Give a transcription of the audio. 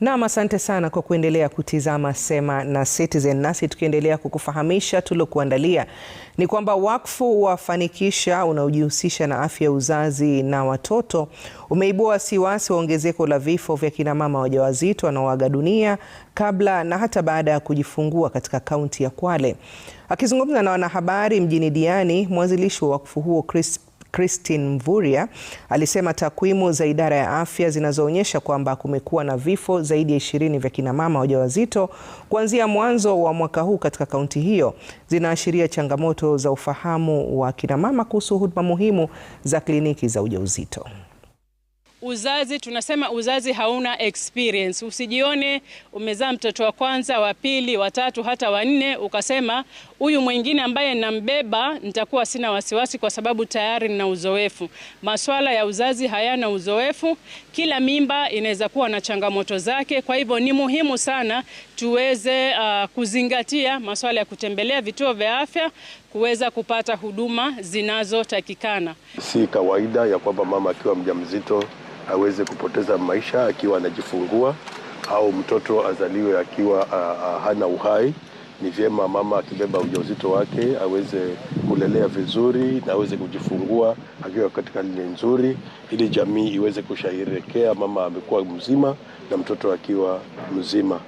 Nam, asante sana kwa kuendelea kutizama Sema na Citizen. Nasi tukiendelea kukufahamisha tulokuandalia, ni kwamba wakfu wa Fanikisha unaojihusisha na afya ya uzazi na watoto umeibua wasiwasi wa ongezeko la vifo vya kinamama wajawazito wanaoaga dunia kabla na hata baada ya kujifungua katika kaunti ya Kwale. Akizungumza na wanahabari mjini Diani, mwanzilishi wa wakfu huo Chris Christine mvuria alisema takwimu za idara ya afya zinazoonyesha kwamba kumekuwa na vifo zaidi ya ishirini vya kinamama wajawazito kuanzia mwanzo wa mwaka huu katika kaunti hiyo zinaashiria changamoto za ufahamu wa kinamama kuhusu huduma muhimu za kliniki za ujauzito uzazi, tunasema uzazi hauna experience. Usijione umezaa mtoto wa kwanza, wa pili, wa tatu, hata wa nne, ukasema huyu mwingine ambaye nambeba nitakuwa sina wasiwasi, kwa sababu tayari nina uzoefu. Maswala ya uzazi hayana uzoefu. Kila mimba inaweza kuwa na changamoto zake, kwa hivyo ni muhimu sana tuweze uh, kuzingatia maswala ya kutembelea vituo vya afya kuweza kupata huduma zinazotakikana. Si kawaida ya kwamba mama akiwa mjamzito aweze kupoteza maisha akiwa anajifungua au mtoto azaliwe akiwa hana uhai. Ni vyema mama akibeba ujauzito wake aweze kulelea vizuri na aweze kujifungua akiwa katika hali nzuri, ili jamii iweze kusherehekea mama amekuwa mzima na mtoto akiwa mzima.